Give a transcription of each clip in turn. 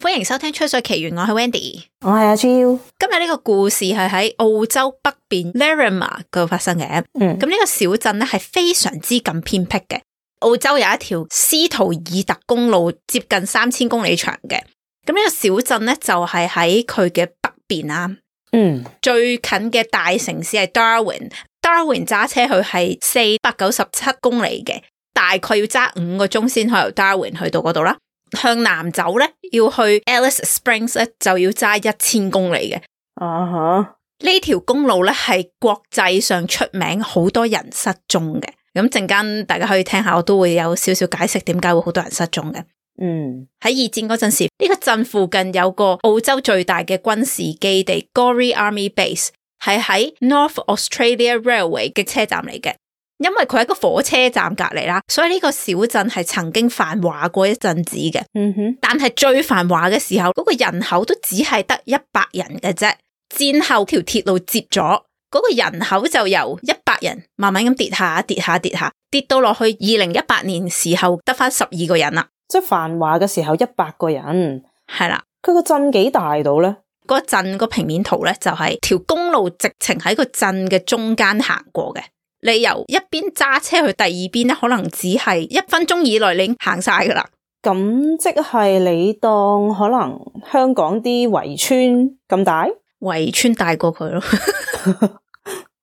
歡迎收聽《吹水奇緣》，我係 Wendy，我係阿 J。今日呢個故事係喺澳洲北邊 Larrimah、er、度發生嘅。嗯，咁呢個小鎮呢係非常之咁偏僻嘅。澳洲有一條斯圖爾特公路，接近三千公里長嘅。咁呢個小鎮呢，就係喺佢嘅北邊啦。嗯，mm. 最近嘅大城市係 Darwin，Darwin 揸車去係四百九十七公里嘅，大概要揸五個鐘先可以由 Darwin 去到嗰度啦。向南走咧，要去 Alice Springs 咧就要揸一千公里嘅。啊哈、uh-huh，呢條公路咧係國際上出名，好多人失蹤嘅。咁陣間大家可以聽下，我都會有少少解釋點解會好多人失蹤嘅。嗯，喺二戰嗰陣時，呢、這個鎮附近有個澳洲最大嘅軍事基地 Gorrie Army Base，係喺 North Australia Railway 嘅車站嚟嘅。因為佢喺個火車站隔籬啦，所以呢個小鎮係曾經繁華過一陣子嘅。嗯哼，但係最繁華嘅時候，嗰、那個人口都只係得一百人嘅啫。戰後條鐵路接咗，嗰、那個人口就由一百人慢慢咁跌，跌，跌下、跌下、跌下，跌到落去二零一八年時候得返十二個人啦。即係繁華嘅時候，一百個人係啦。佢個鎮幾大到呢？嗰個鎮個平面圖呢，就係條公路直情喺個鎮嘅中間行過嘅。你由一邊揸車去第二邊咧，可能只係一分鐘以內你已經行晒噶啦。咁即係你當可能香港啲圍村咁大？圍村大過佢咯。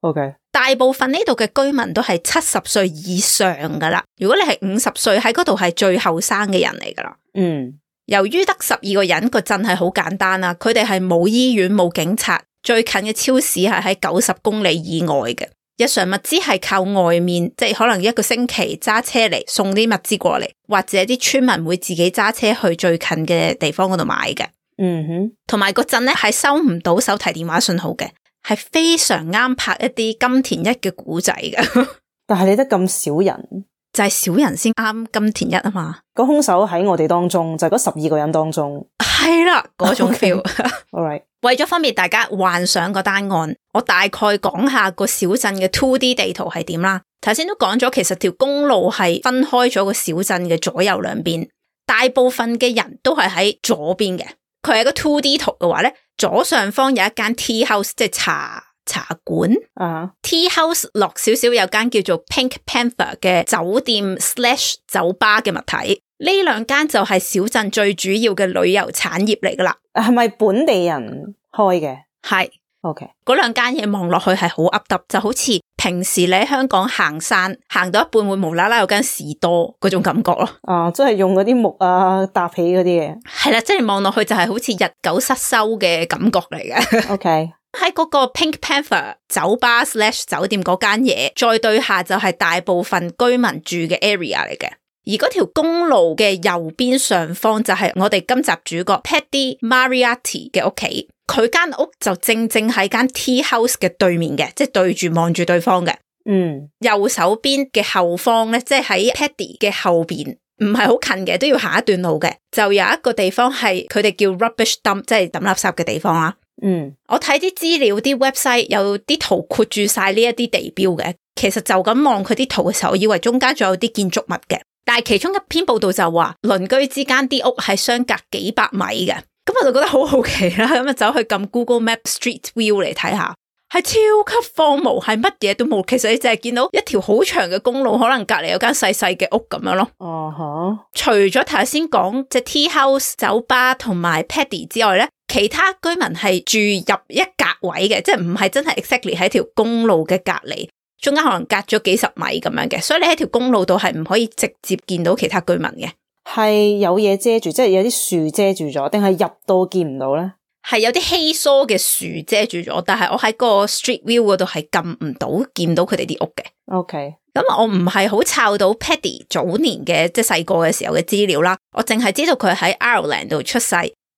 O.K. 大部分呢度嘅居民都係七十歲以上噶啦。如果你係五十歲喺嗰度，係最後生嘅人嚟噶啦。嗯、mm，hmm. 由於得十二個人，個鎮係好簡單啦。佢哋係冇醫院、冇警察，最近嘅超市係喺九十公里以外嘅。日常物資係靠外面，即係可能一個星期揸車嚟送啲物資過嚟，或者啲村民會自己揸車去最近嘅地方嗰度買嘅。嗯哼、mm，同埋個鎮咧係收唔到手提電話信號嘅。係非常啱拍一啲金田一嘅古仔嘅，但係你得咁少人，就係少人先啱金田一啊嘛。個凶手喺我哋當中，就係嗰十二個人當中，係啦嗰種 feel。Okay. All right， 為咗方便大家幻想個單案，我大概講下個小鎮嘅 two D 地圖係點啦。頭先都講咗，其實條公路係分開咗個小鎮嘅左右兩邊，大部分嘅人都係喺左邊嘅。佢係一個 two D 圖嘅話咧，左上方有一間 tea house，即係茶茶館。啊、uh huh，tea house 落少少有間叫做 Pink Panther 嘅酒店/酒吧嘅物體，呢兩間就係小鎮最主要嘅旅遊產業嚟㗎喇。係咪本地人開嘅？係。OK，嗰兩間嘢望落去係好凹凸，up, 就好似平時你喺香港行山，行到一半會無啦啦有間士多嗰種感覺咯。哦、啊，即、就、係、是、用嗰啲木啊搭起嗰啲嘢。係啦，即係望落去就係好似日久失修嘅感覺嚟嘅。OK，喺嗰 個 Pink Panther 酒吧/酒店嗰間嘢，再對下就係大部分居民住嘅 area 嚟嘅。而嗰條公路嘅右邊上方就係我哋今集主角 Paddy Moriarty 嘅屋企。佢間屋就正正喺間 Tea House 嘅對面嘅，即係對住望住對方嘅。嗯，右手邊嘅後方咧，即係喺 Paddy 嘅後邊，唔係好近嘅，都要行一段路嘅。就有一個地方係佢哋叫 rubbish dump，即係抌垃圾嘅地方啊。嗯，我睇啲資料，啲 website 有啲圖括住晒呢一啲地標嘅。其實就咁望佢啲圖嘅時候，我以為中間仲有啲建築物嘅。但係其中一篇報道就話，鄰居之間啲屋係相隔幾百米嘅。咁我就覺得好好奇啦，咁啊走去撳 Google Map Street View 嚟睇下，係超級荒蕪，係乜嘢都冇。其實你淨係見到一條好長嘅公路，可能隔籬有間細細嘅屋咁樣咯。哦、uh，吓、huh.！除咗頭先講隻 Tea House 酒吧同埋 Paddy 之外咧，其他居民係住入一格位嘅，即係唔係真係 exactly 喺條公路嘅隔籬，中間可能隔咗幾十米咁樣嘅，所以你喺條公路度係唔可以直接見到其他居民嘅。係有嘢遮住，即係有啲樹遮住咗，定係入到見唔到咧？係有啲稀疏嘅樹遮住咗，但係我喺個 Street View 嗰度係撳唔到見到佢哋啲屋嘅。OK，咁、嗯、我唔係好抄到 Paddy 早年嘅即係細個嘅時候嘅資料啦。我淨係知道佢喺 Ireland 度出世，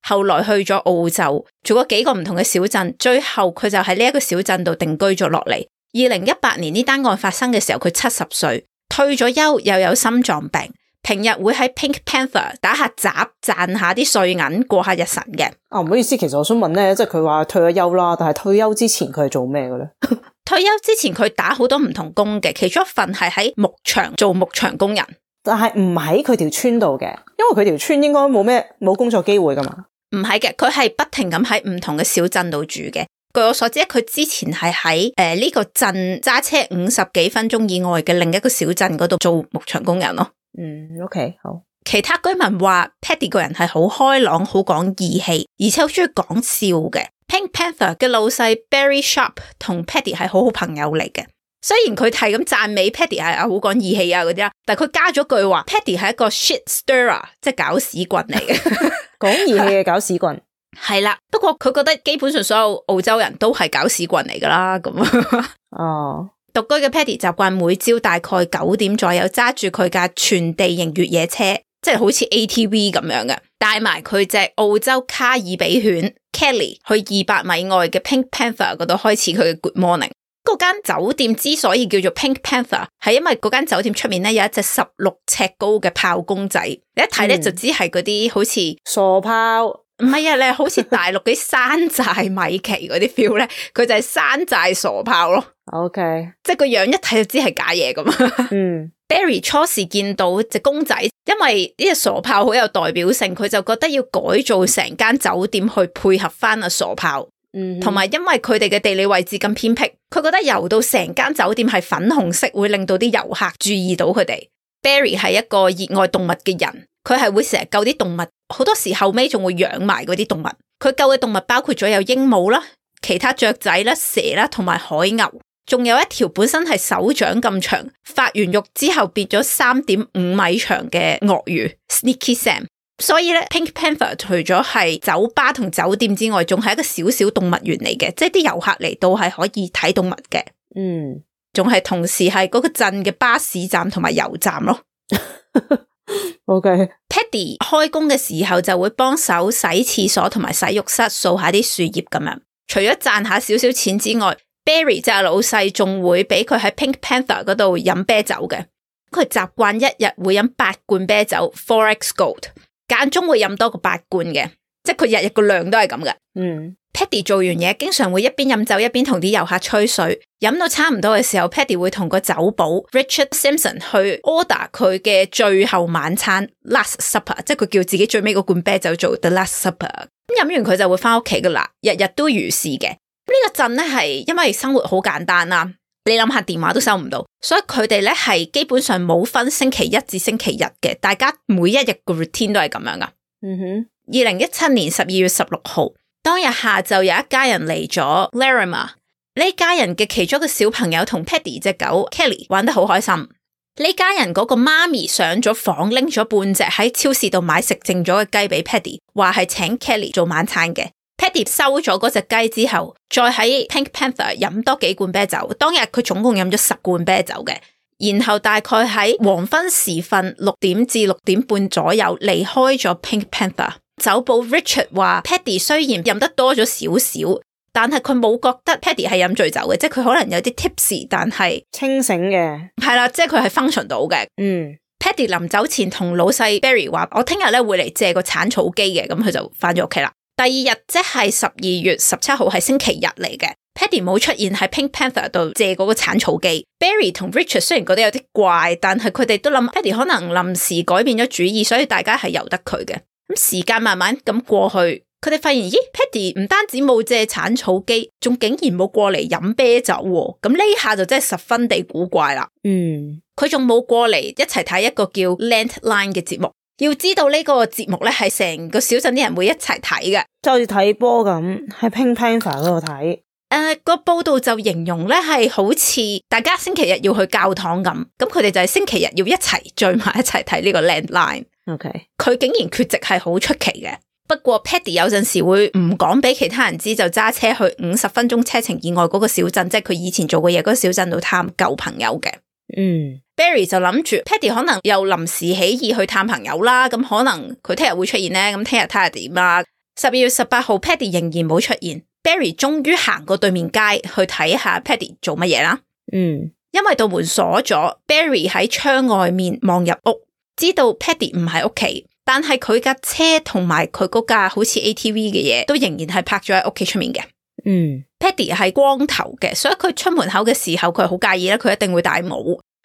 後來去咗澳洲，做過幾個唔同嘅小鎮，最後佢就喺呢一個小鎮度定居咗落嚟。二零一八年呢單案發生嘅時候，佢七十歲，退咗休，又有心臟病。平日會喺 Pink Panther 打下雜賺下啲碎銀過下日晨日辰嘅、啊。哦，唔好意思，其實我想問咧，即係佢話退咗休啦，但係退休之前佢係做咩嘅咧？ 退休之前佢打好多唔同工嘅，其中一份係喺牧場做牧場工人，但係唔喺佢條村度嘅，因為佢條村應該冇咩冇工作機會噶嘛？唔係嘅，佢係不停咁喺唔同嘅小鎮度住嘅。據我所知，佢之前係喺誒呢個鎮揸車五十幾分鐘以外嘅另一個小鎮嗰度做牧場工人咯。嗯，OK，好。其他居民話，Paddy 個人係好開朗，好講義氣，而且好中意講笑嘅。Pink Panther 嘅老細 Barry Sharp 同 Paddy 係好好朋友嚟嘅。雖然佢係咁讚美 Paddy 係啊好講義氣啊嗰啲啦，但係佢加咗句話，Paddy 係一個 shit stirrer，即係搞屎棍嚟嘅。講 義氣嘅搞屎棍，係啦。 不過佢覺得基本上所有澳洲人都係搞屎棍嚟㗎啦咁。 哦。獨居嘅 Paddy 習慣每朝大概九點左右揸住佢架全地形越野車，即係好似 ATV 咁樣嘅，帶埋佢隻澳洲卡爾比犬 Kellie 去二百米外嘅 Pink Panther 嗰度開始佢嘅 Good Morning。嗰間酒店之所以叫做 Pink Panther，係因為嗰間酒店出面咧有一隻十六尺高嘅炮公仔，你一睇咧就知係嗰啲好似傻炮，唔係啊咧，好似大陸啲山寨米奇嗰啲 feel 咧，佢就係山寨傻炮咯。OK，即係個樣一睇就知係假嘢咁。嗯，Barry 初時見到隻公仔，因為呢隻傻豹好有代表性，佢就覺得要改造成間酒店去配合翻阿傻豹。嗯、mm，同、hmm. 埋因為佢哋嘅地理位置咁偏僻，佢覺得油到成間酒店係粉紅色，會令到啲遊客注意到佢哋。Barry 係一個熱愛動物嘅人，佢係會成日救啲動物，好多時後尾仲會養埋嗰啲動物。佢救嘅動物包括咗有鸚鵡啦、其他雀仔啦、蛇啦同埋海牛。仲有一條本身係手掌咁長，發完育之後變咗三點五米長嘅鱷魚 Sneaky Sam。所以咧，Pink Panther 除咗係酒吧同酒店之外，仲係一個小小動物園嚟嘅，即係啲遊客嚟到係可以睇動物嘅。嗯，仲係同時係嗰個鎮嘅巴士站同埋油站咯。 OK，Paddy 開工嘅時候就會幫手洗廁所同埋洗浴室，掃下啲樹葉咁樣。除咗賺下少少錢之外。Barry 就係老細，仲會俾佢喺 Pink Panther 嗰度飲啤酒嘅。佢習慣一日會飲八罐啤酒，Four X Gold，間中會飲多個八罐嘅，即係佢日日個量都係咁嘅。嗯、mm.，Paddy 做完嘢，經常會一邊飲酒一邊同啲遊客吹水，飲到差唔多嘅時候，Paddy 會同個酒保 Richard Simpson 去 order 佢嘅最後晚餐 Last Supper，即係佢叫自己最尾個罐啤酒做 The Last Supper。咁飲完佢就會翻屋企噶啦，日日都如是嘅。個呢個鎮咧係因為生活好簡單啦，你諗下電話都收唔到，所以佢哋咧係基本上冇分星期一至星期日嘅，大家每一日個 routine 都係咁樣噶。嗯哼，二零一七年十二月十六號當日下晝，有一家人嚟咗 Larrimah，呢家人嘅其中一個小朋友同 Paddy 隻狗 Kellie 玩得好開心，呢家人嗰個媽咪上咗房拎咗半隻喺超市度買食剩咗嘅雞俾 Paddy，話係請 Kellie 做晚餐嘅。收咗嗰隻雞之後，再喺 Pink Panther 飲多幾罐啤酒。當日佢總共飲咗十罐啤酒嘅，然後大概喺黃昏時分六點至六點半左右離開咗 Pink Panther。酒保 Richard 話 ，Paddy 雖然飲得多咗少少，但係佢冇覺得 Paddy 係飲醉酒嘅，即係佢可能有啲 tipsy，但係清醒嘅，係啦，即係佢係 function 到嘅。嗯，Paddy 臨走前同老細 Barry 話，我聽日咧會嚟借個鏟草機嘅，咁佢就翻咗屋企啦。第二日即係十二月十七號，係星期日嚟嘅。Paddy 冇出現喺 Pink Panther 度借嗰個鏟草機。Barry 同 Richard 雖然覺得有啲怪，但係佢哋都諗 Paddy 可能臨時改變咗主意，所以大家係由得佢嘅。咁時間慢慢咁過去，佢哋發現咦 Paddy 唔單止冇借鏟草機，仲竟然冇過嚟飲啤酒。咁呢下就真係十分地古怪啦。嗯，佢仲冇過嚟一齊睇一個叫 Landline 嘅節目。要知道呢個節目咧，係成個小鎮啲人會一齊睇嘅，就似睇波咁喺 Ping Pinger 嗰度睇。誒，uh, 個報道就形容咧係好似大家星期日要去教堂咁，咁佢哋就係星期日要一齊聚埋一齊睇呢個 Landline。OK，佢竟然缺席係好出奇嘅。不過 Paddy 有陣時會唔講俾其他人知，就揸車去五十分鐘車程以外嗰個小鎮，即係佢以前做過嘢嗰個小鎮度探舊朋友嘅。嗯，Barry 就諗住 Paddy 可能又臨時起意去探朋友啦，咁可能佢聽日會出現咧，咁聽日睇下點啦。十二月十八號，Paddy 仍然冇出現，Barry 終於行過對面街去睇下 Paddy 做乜嘢啦。嗯，因為道門鎖咗，Barry 喺窗外面望入屋，知道 Paddy 唔喺屋企，但係佢架車同埋佢嗰架好似 ATV 嘅嘢都仍然係泊咗喺屋企出面嘅。嗯，Paddy 係光頭嘅，所以佢出門口嘅時候，佢好介意咧，佢一定會戴帽。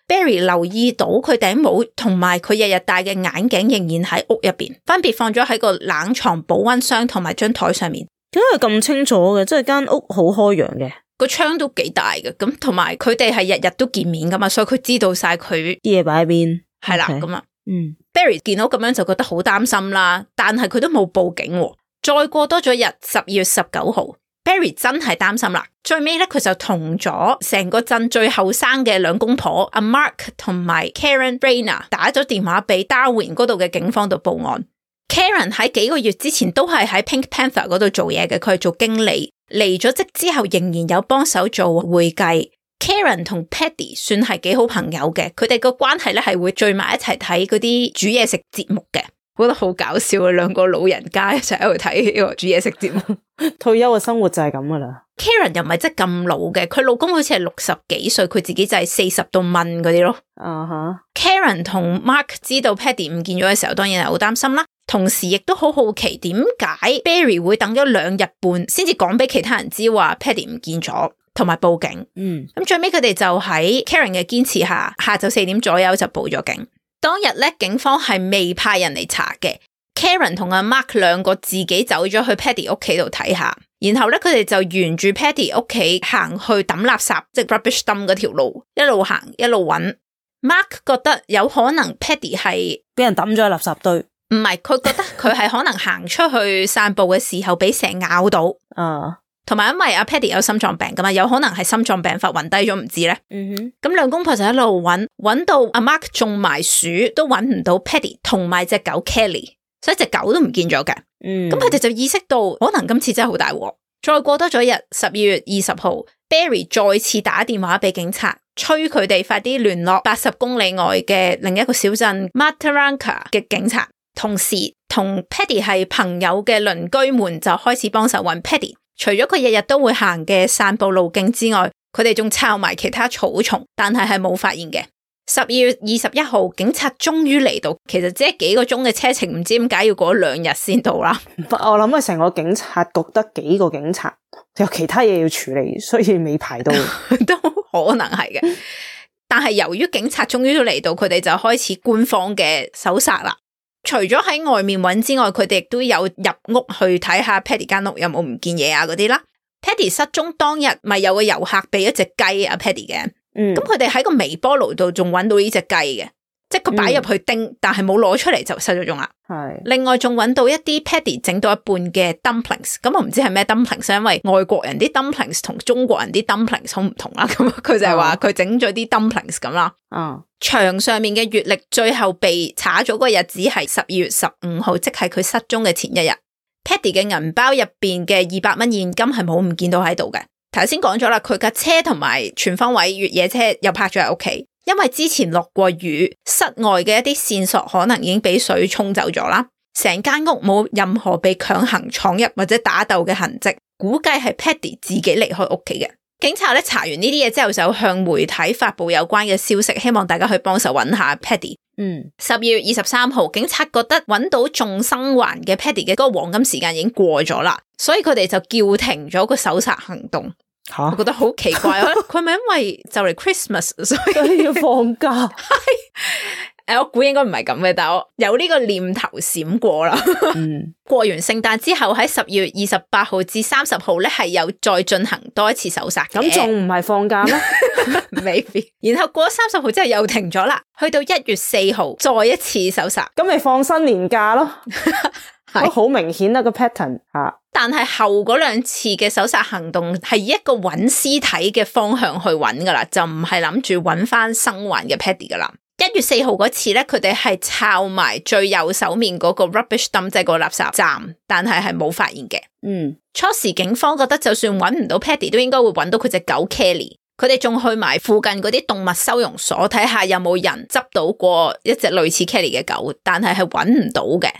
Barry 留意到佢頂帽同埋佢日日戴嘅眼鏡仍然喺屋入邊，分別放咗喺個冷藏保温箱同埋張台上面。點解佢咁清楚嘅？即係間屋好開揚嘅，個窗都幾大嘅。咁同埋佢哋係日日都見面噶嘛，所以佢知道晒佢啲嘢擺喺邊係啦。咁啊，嗯，Barry 見到咁樣就覺得好擔心啦，但係佢都冇報警。再過多咗一日，十二月十九號。Barry 真係擔心啦，最尾咧佢就同咗成個鎮最後生嘅兩公婆阿 Mark 同埋 Karen Rainer 打咗電話俾 Darwin 嗰度嘅警方度報案。Karen 喺幾個月之前都係喺 Pink Panther 嗰度做嘢嘅，佢係做經理，離咗職之後仍然有幫手做會計。Karen 同 Paddy 算係幾好朋友嘅，佢哋個關係咧係會聚埋一齊睇嗰啲煮嘢食節目嘅。我覺得好搞笑啊！兩個老人家一齊喺度睇呢個煮嘢食節目， 退休嘅生活就係咁噶啦。Karen 又唔係真係咁老嘅，佢老公好似係六十幾歲，佢自己就係四十度問嗰啲咯。啊哈、uh huh.！Karen 同 Mark 知道 Paddy 唔見咗嘅時候，當然係好擔心啦，同時亦都好好奇點解 Barry 會等咗兩日半先至講俾其他人知話 Paddy 唔見咗，同埋報警。嗯，咁最尾佢哋就喺 Karen 嘅堅持下，下晝四點左右就報咗警。當日咧，警方係未派人嚟查嘅。Karen 同阿 Mark 兩個自己走咗去 Paddy 屋企度睇下，然後咧佢哋就沿住 Paddy 屋企行去抌垃圾，即係 rubbish dump 嗰條路，一路行一路揾。Mark 覺得有可能 Paddy 係俾人抌咗喺垃圾堆，唔係佢覺得佢係可能行出去散步嘅時候俾蛇咬到。啊！Uh. 同埋，因為阿 Paddy 有心臟病噶嘛，有可能係心臟病發暈低咗唔知咧。咁兩、mm hmm. 公婆就一路揾，揾到阿 Mark 種埋樹，都揾唔到 Paddy，同埋隻狗 Kelly，所以隻狗都唔見咗嘅。咁佢哋就意識到可能今次真係好大鑊。再過多咗一日，十二月二十號，Barry 再次打電話俾警察，催佢哋快啲聯絡八十公里外嘅另一個小鎮 Mataranka 嘅警察。同時，同 Paddy 係朋友嘅鄰居們就開始幫手揾 Paddy。除咗佢日日都會行嘅散步路徑之外，佢哋仲抄埋其他草叢，但係係冇發現嘅。十二月二十一號，警察終於嚟到，其實即係幾個鐘嘅車程，唔知點解要過兩日先到啦。我諗啊，成個警察局得幾個警察，有其他嘢要處理，所以未排到， 都可能係嘅。但係由於警察終於都嚟到，佢哋就開始官方嘅搜殺啦。除咗喺外面揾之外，佢哋亦都有入屋去睇下 Paddy 間屋有冇唔見嘢啊嗰啲啦。Paddy 失蹤當日，咪有個遊客俾咗隻雞阿 Paddy 嘅，嗯，咁佢哋喺個微波爐度仲揾到呢隻雞嘅。即係佢擺入去叮，嗯、但係冇攞出嚟就失咗蹤啦。係是另外仲揾到一啲 Paddy 整到一半嘅 dumplings，咁、嗯、我唔知係咩 dumplings，因為外國人啲 dumplings 同中國人啲 dumplings 好唔同啦。咁佢就係話佢整咗啲 dumplings 咁啦。嗯，牆、um 嗯、上面嘅月曆最後被查咗個日子係十二月十五號，即係佢失蹤嘅前一日。Paddy 嘅銀包入邊嘅二百蚊現金係冇唔見到喺度嘅。頭先講咗啦，佢架車同埋全方位越野車又泊咗喺屋企。因為之前落過雨，室外嘅一啲線索可能已經俾水沖走咗啦。成間屋冇任何被強行闖入或者打鬥嘅痕迹，估計係 Paddy 自己離開屋企嘅。警察咧查完呢啲嘢之後，就向媒體發布有關嘅消息，希望大家去幫手揾下 Paddy。嗯，十二月二十三號，警察覺得揾到仲生還嘅 Paddy 嘅嗰個黃金時間已經過咗啦，所以佢哋就叫停咗個搜查行動。哈我覺得好奇怪，啊，佢咪 因為就嚟 Christmas 所以 要放假？誒， 我估應該唔係咁嘅，但我有呢個念頭閃過啦。 嗯，過完聖誕之後喺十二月二十八號至三十號咧係有再進行多一次搜索嘅，咁仲唔係放假咩？Maybe，然後過咗三十號之後又停咗啦，去到一月四號再一次搜索，咁咪放新年假咯。 都好是、哦、明顯啦、啊、個 pattern 吓、啊，但係後嗰兩次嘅搜殺行動係以一個揾屍體嘅方向去揾噶啦，就唔係諗住揾翻生還嘅 Paddy 噶啦。一月四號嗰次咧，佢哋係抄埋最右手面嗰個 rubbish dump，即係個垃圾站，但係係冇發現嘅。嗯，初時警方覺得就算揾唔到 Paddy，都應該會揾到佢隻狗 Kellie。佢哋仲去埋附近嗰啲動物收容所睇下有冇人執到過一隻類似 Kellie 嘅狗，但係係揾唔到嘅。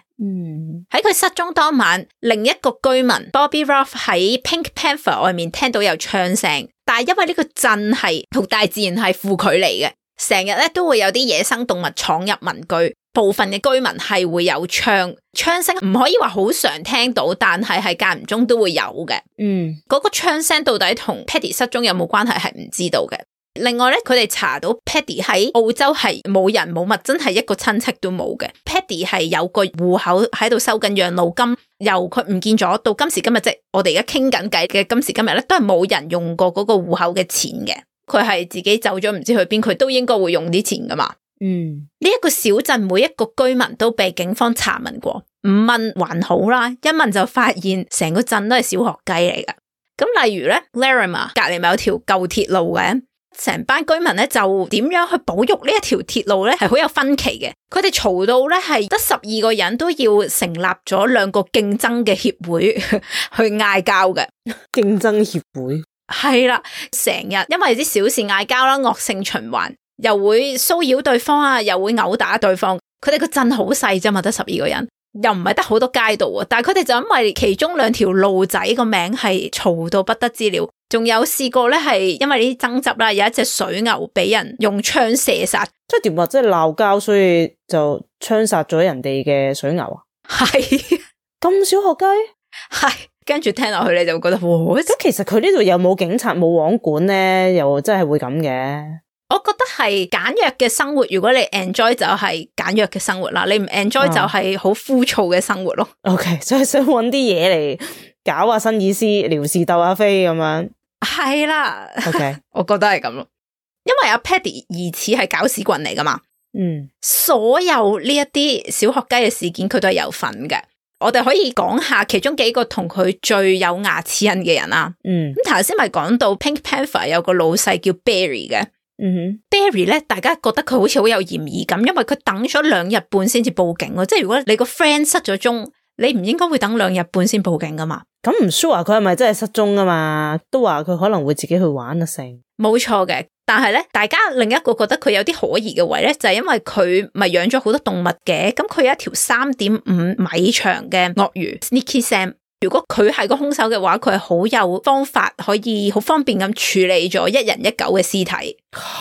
喺佢、嗯、失蹤當晚，另一個居民 Bobby Ruff 喺 Pink Panther 外面聽到有槍聲，聲，但係因為呢個鎮係同大自然係負距離嘅，成日咧都會有啲野生動物闖入民居，部分嘅居民係會有槍，槍聲唔可以話好常聽到，但係係間唔中都會有嘅。嗯，嗰個槍聲，聲到底同 Paddy 失蹤有冇關係係唔知道嘅。另外咧，佢哋查到 Paddy 喺澳洲係冇人冇物，真係一個親戚都冇嘅。Paddy 係有個戶口喺度收緊養老金，由佢唔見咗，到今時今日即我哋而家傾緊偈嘅今時今日咧，都係冇人用過嗰個戶口嘅錢嘅。佢係自己走咗，唔知去邊，佢都應該會用啲錢㗎嘛。嗯，呢一個小鎮每一個居民都被警方查問過，唔問還好啦，一問就發現成個鎮都係小學雞嚟㗎。咁例如咧，Larrimah、er、隔籬咪有條舊鐵路嘅。成班居民咧就點樣去保育呢一條鐵路咧，係好有分歧嘅。佢哋嘈到咧係得十二個人都要成立咗兩個競爭嘅協會 去嗌交嘅。競爭協會係啦，成 日因為啲小事嗌交啦，惡性循環，又會騷擾對方啊，又會毆打對方。佢哋個鎮好細啫嘛，得十二個人。又唔係得好多街道啊，但係佢哋就因為其中兩條路仔個名係嘈到不得之了，仲有試過咧係因為呢啲爭執啦，有一隻水牛俾人用槍射殺，即係點話？即係鬧交，所以就槍殺咗人哋嘅水牛啊？係咁是的 小學雞，係跟住聽落去你就覺得，哇，即其實佢呢度又冇警察冇網管咧，又真係會咁嘅。我覺得係簡約嘅生活，如果你 enjoy 就係簡約嘅生活啦，你唔 enjoy 就係好枯燥嘅生活咯。OK，所以想揾啲嘢嚟搞下、啊、新意思， 聊事鬥下飛咁樣。係 啦，OK，我覺得係咁咯。因為阿 Paddy 疑似係搞屎棍嚟噶嘛，嗯，所有呢一啲小學雞嘅事件，佢都係有份嘅。我哋可以講下其中幾個同佢最有牙齒印嘅人啦。嗯，咁頭先咪講到 Pink Panther 有個老細叫 Barry 嘅。嗯、mm hmm.，Barry 咧，大家覺得佢好似好有嫌疑咁，因為佢等咗兩日半先至報警咯。即係如果你個 friend 失咗蹤，你唔應該會等兩日半先報警噶嘛。咁唔 sure 佢係咪真係失蹤啊嘛？都話佢可能會自己去玩啊成。冇錯嘅，但係咧，大家另一個覺得佢有啲可疑嘅位咧，就係、是、因為佢咪養咗好多動物嘅，咁佢有一條三點五米長嘅鱷魚、嗯、Sneaky Sam。如果佢係個凶手嘅話，佢係好有方法可以好方便咁處理咗一人一狗嘅屍體。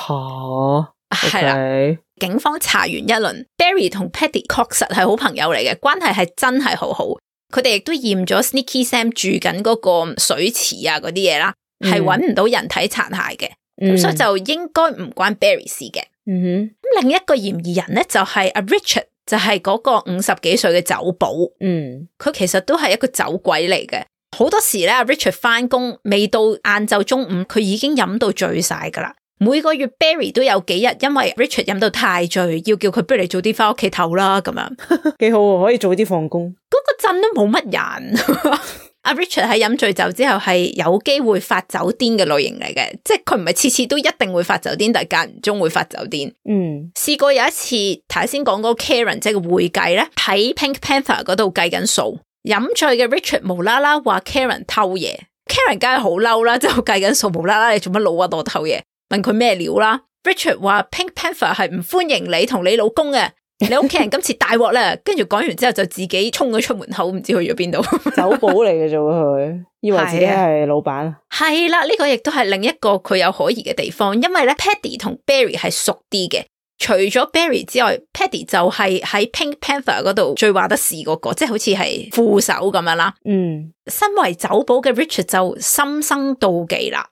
哦，係啦，警方查完一輪，Barry 同 Paddy 確實係好朋友嚟嘅，關係係真係好好。佢哋亦都驗咗 Sneaky Sam 住緊嗰個水池啊，嗰啲嘢啦，係揾唔到人體殘骸嘅，咁、mm hmm. 所以就應該唔關 Barry 事嘅。嗯哼、mm，咁、hmm. 另一個嫌疑人咧就係、是、阿 Richard。就係嗰個五十幾歲嘅酒保，嗯，佢其實都係一個酒鬼嚟嘅，好多時咧，Richard 翻工未到晏晝中午，佢已經飲到醉晒噶啦。每個月 Barry 都有幾日，因為 Richard 飲到太醉，要叫佢不如早啲翻屋企唞啦，咁樣幾 好，可以早啲放工。嗰個鎮都冇乜人。 阿 Richard 喺飲醉酒之後係有機會發酒癲嘅類型嚟嘅，即係佢唔係次次都一定會發酒癲，但係間唔中會發酒癲。嗯，試過有一次，頭先講嗰個 Karen 即係個會計咧，喺 Pink Panther 嗰度計緊數，飲醉嘅 Richard 無啦啦話 Karen 偷嘢，Karen 梗係好嬲啦，就計緊數無啦啦你做乜老屈我偷嘢，問佢咩料啦？Richard 話 Pink Panther 係唔歡迎你同你老公嘅。 你屋企人今次大鑊啦，跟住講完之後就自己衝咗出門口，唔知去咗邊度？酒保嚟嘅啫，佢以為自己係老闆。係啦，呢個亦都係另一個佢有可疑嘅地方，因為咧，Paddy 同 Barry 係熟啲嘅。除咗 Barry 之外，Paddy 就係喺 Pink Panther 嗰度最話得事嗰個，即係好似係副手咁樣啦。嗯，身為酒保嘅 Richard 就心生妒忌啦，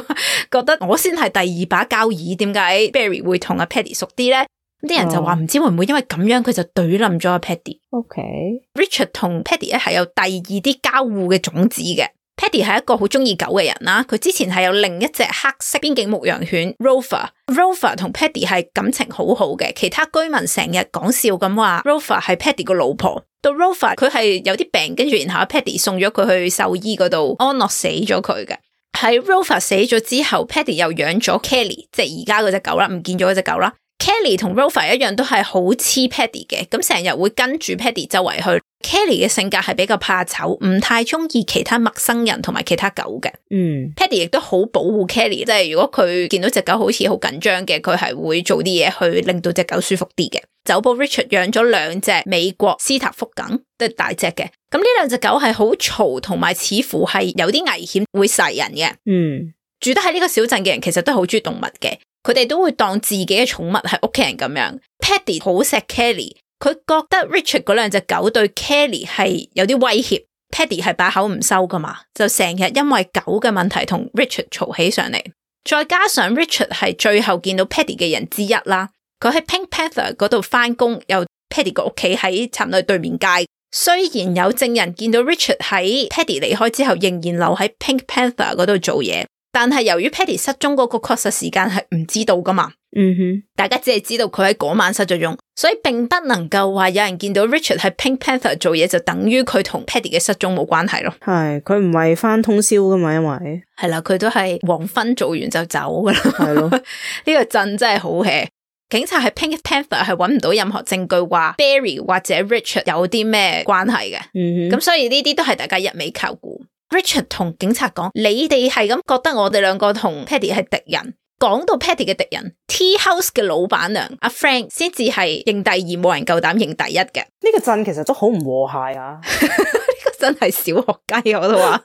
覺得我先係第二把交椅，點解 Barry 會同阿 Paddy 熟啲咧？啲人就話唔知會唔會因為咁樣佢就懟冧咗阿 Paddy。Okay，Richard 同 Paddy 咧，係有第二啲交互嘅種子嘅。Paddy 係一個好中意狗嘅人啦，佢之前係有另一隻黑色邊境牧羊犬 Rover，Rover 同 Paddy 係感情好好嘅。其他居民成日講笑咁話 Rover 係 Paddy 個老婆。到 Rover 佢係有啲病，跟住然後阿 Paddy 送咗佢去獸醫嗰度安樂死咗佢嘅。喺 Rover 死咗之後，Paddy 又養咗 Kellie，即係而家嗰隻狗啦，唔見咗嗰隻狗啦。Kelly 同 Rover 一樣都係好黐 Paddy 嘅，咁成日會跟住 Paddy 周圍去。Kelly 嘅性格係比較怕醜，唔太中意其他陌生人同埋其他狗嘅。嗯、mm.，Paddy 亦都好保護 Kelly，即係如果佢見到隻狗好似好緊張嘅，佢係會做啲嘢去令到隻狗舒服啲嘅。酒保 Richard 養咗兩隻美國斯塔福梗，即係都大隻嘅。咁呢兩隻狗係好嘈，同埋似乎係有啲危險會噬人嘅。嗯，mm. 住得喺呢個小鎮嘅人其實都好中意動物嘅。佢哋都會當自己嘅寵物係屋企人咁樣，Paddy 好錫 Kellie，佢覺得 Richard 嗰兩隻狗對 Kellie 係有啲威脅，Paddy 係把口唔收噶嘛，就成日因為狗嘅問題同 Richard 嘈起上嚟。再加上 Richard 係最後見到 Paddy 嘅人之一啦，佢喺 Pink Panther 嗰度翻工，又 Paddy 個屋企喺差唔多對面街。雖然有證人見到 Richard 喺 Paddy 離開之後仍然留喺 Pink Panther 嗰度做嘢。但係由於 Paddy 失蹤嗰個確實時間係唔知道噶嘛，嗯哼、mm，hmm. 大家只係知道佢喺嗰晚失咗蹤，所以並不能夠話有人見到 Richard 喺 Pink Panther 做嘢，就等於佢同 Paddy 嘅失蹤冇關係咯。係，佢唔係翻通宵噶嘛，因為係啦，佢都係黃昏做完就走噶啦，係咯。呢的 個陣真係好 hea，警察係 Pink Panther 係揾唔到任何證據話 Barry 或者 Richard 有啲咩關係嘅，嗯哼、mm，咁、hmm. 所以呢啲都係大家一味靠估。Richard 同警察講：你哋係咁覺得我哋兩個同 Paddy 係敵人。講到 Paddy 嘅敵人，Tea House 嘅老闆娘阿 Frank 先至係認第二，冇人夠膽認第一嘅。呢個鎮其實都好唔和諧啊！呢 個真係小學雞我都話。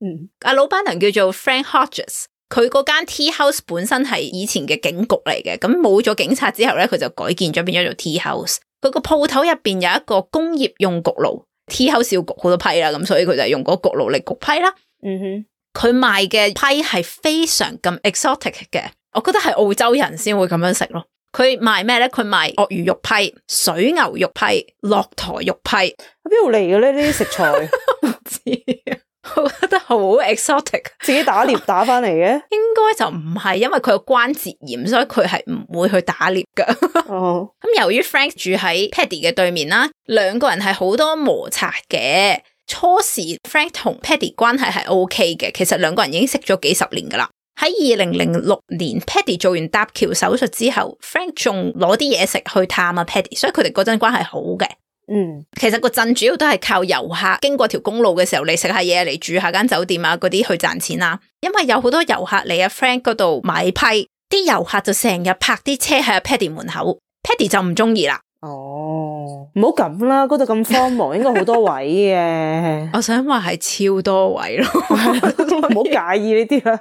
嗯，阿老闆娘叫做 Frank Hodges，佢嗰間 Tea House 本身係以前嘅警局嚟嘅，咁冇咗警察之後咧，佢就改建咗變咗做 Tea House。佢個鋪頭入邊有一個工業用焗爐。T 口小焗好多批啦，咁所以佢就用嗰焗爐嚟焗批啦。嗯哼、mm，佢、hmm. 賣嘅批係非常咁 exotic 嘅，我覺得係澳洲人先會咁樣食咯。佢賣咩咧？佢賣鱷魚肉批、水牛肉批、駱駝肉批。喺邊度嚟嘅咧？呢啲食材唔 知道。 我覺得好 exotic，自己打獵打返嚟嘅， 應該就唔係因為佢有關節炎，所以佢係唔會去打獵噶。哦，咁由於 Frank 住喺 Paddy 嘅對面啦，兩個人係好多摩擦嘅。初時 Frank 同 Paddy 關係係 OK 嘅，其實兩個人已經識咗幾十年噶啦。喺二零零六年，Paddy 做完搭橋手術之後，Frank 仲攞啲嘢食去探阿 Paddy，所以佢哋嗰陣關係好嘅。嗯，其實個鎮主要都係靠遊客經過條公路嘅時候，你食下嘢，嚟住下間酒店啊，嗰啲去賺錢啦、啊。因為有好多遊客嚟阿、啊、Frank 嗰度買批，啲遊客就成日泊啲車喺阿 Paddy 門口，Paddy 就唔中意啦。哦，唔好咁啦，嗰度咁荒蕪， 應該好多位嘅。 我想話係超多位咯，唔好介意呢啲啦。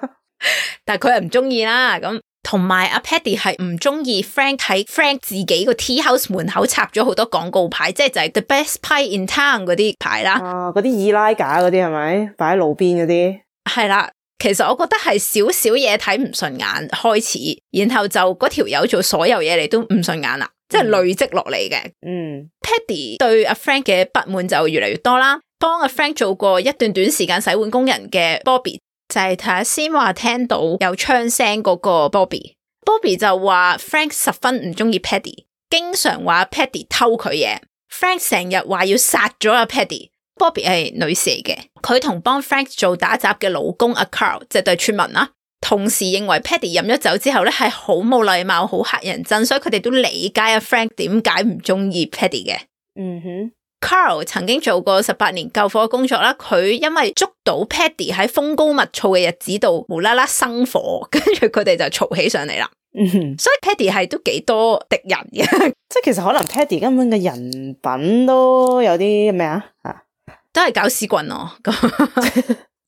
但係佢係唔中意啦，咁。同埋阿 Paddy 係唔中意 Frank 喺 Frank 自己個 Tea House 門口插咗好多廣告牌，即係就係 The Best Pie in Town 嗰啲牌啦。啊，嗰啲易拉架嗰啲係咪擺喺路邊嗰啲？係啦，其實我覺得係少少嘢睇唔順眼開始，然後就嗰條友做所有嘢你都唔順眼啦，嗯、即係累積落嚟嘅。嗯 Paddy 對阿 Frank 嘅不滿就越嚟越多啦。幫阿 Frank 做過一段短時間洗碗工人嘅 Bobby。就係睇下先，話聽到有槍聲嗰個 Bobby，Bobby 就話 Frank 十分唔中意 Paddy，經常話 Paddy 偷佢嘢，Frank 成日話要殺咗阿 Paddy。Bobby 係女士嘅，佢同幫 Frank 做打雜嘅老公阿 Carl 即係對村民啦、啊，同時認為 Paddy 飲咗酒之後咧係好冇禮貌，好吓人憎，所以佢哋都理解阿、啊、Frank 點解唔中意 Paddy 嘅。嗯哼、mm。Hmm. Carl 曾經做過十八年救火工作啦，佢因為捉到 Paddy 喺風高物燥嘅日子度無啦啦生火，跟住佢哋就嘈起上嚟啦。嗯、哼所以 Paddy 係都幾多敵人嘅，即係其實可能 Paddy 根本嘅人品都有啲咩啊？ 都係搞屎棍咯、啊。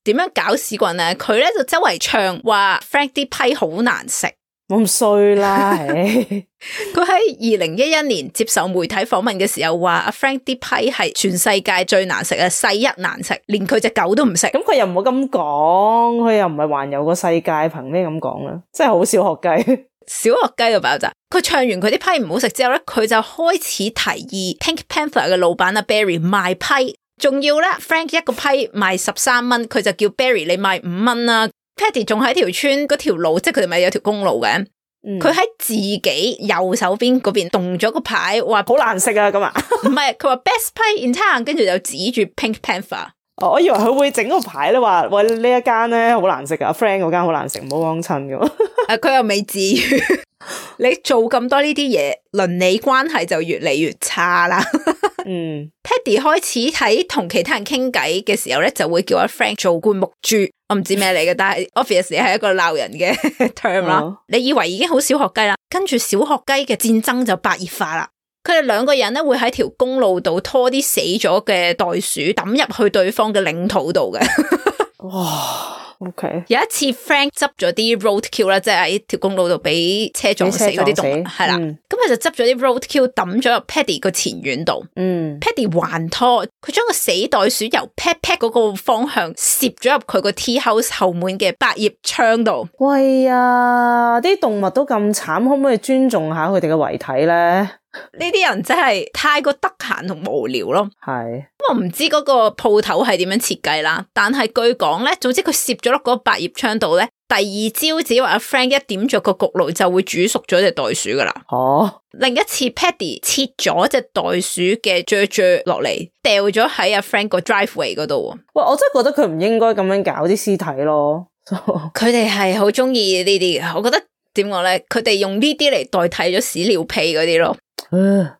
點 樣搞屎棍咧？佢咧就周圍唱話 Frank 啲批好難食。咁衰啦！佢喺二零一一年接受媒體訪問嘅時候話，阿 Frank 啲批係全世界最難食嘅，世一難食，連佢隻狗都唔食。咁佢又唔好咁講，佢又唔係環遊個世界，憑咩咁講呀？真係好小學雞，小學雞嘅爆炸。佢唱完佢啲批唔好食之後咧，佢就開始提議 Pink Panther 嘅老闆阿 Barry 賣批，仲要咧 Frank 一個批賣十三蚊，佢就叫 Barry 你賣五蚊啦。Paddy 仲喺條村嗰條路，即係佢哋咪有條公路嘅，佢喺、嗯、自己右手邊嗰邊動咗個牌，話好難食啊！咁啊，唔係佢話 best pie in town，跟住就指住 Pink Panther 哦、我以為佢會整個牌咧，話喂，呢一間咧好難食 啊，Fran 嗰間好難食，唔好幫襯噶。誒，佢又未至於。 你做咁多呢啲嘢，鄰里關係就越嚟越差啦。 嗯，Paddy 開始喺同其他人傾偈嘅時候咧，就會叫阿、啊、Fran 做灌木豬，我唔知咩嚟嘅， 但係 obviously 係 一個鬧人嘅 term 啦。嗯、你以為已經好小學雞啦，跟住小學雞嘅戰爭就白熱化啦。佢哋兩個人咧會喺條公路度拖啲死咗嘅袋鼠抌入去對方嘅領土度嘅。哇，OK。有一次 Frank 執咗啲 roadkill 啦，即係喺條公路度俾車撞死咗啲動物，係啦。咁佢就執咗啲 roadkill 抌咗入 Paddy 個前院度。嗯，Paddy 還拖，佢將個死袋鼠由 Pat Pat 嗰個方向攝咗入佢個 Tea House 後門嘅百葉窗度。喂呀，啲動物都咁慘，可唔可以尊重下佢哋嘅遺體咧？呢啲人真係太過得閒同無聊咯。係咁是，我唔知嗰個鋪頭係點樣設計啦。但係據講咧，總之佢攝咗落個百葉窗度咧，第二朝只要阿 Fran 一點著個焗爐，就會煮熟咗隻袋鼠噶啦。哦，另一次 Paddy 切咗隻袋鼠嘅腳腳落嚟，掉咗喺阿 Fran 個 driveway 嗰度。哇！我真係覺得佢唔應該咁樣搞啲屍體咯。佢哋係好中意呢啲嘅。我覺得點講咧？佢哋用呢啲嚟代替咗屎尿屁嗰啲咯。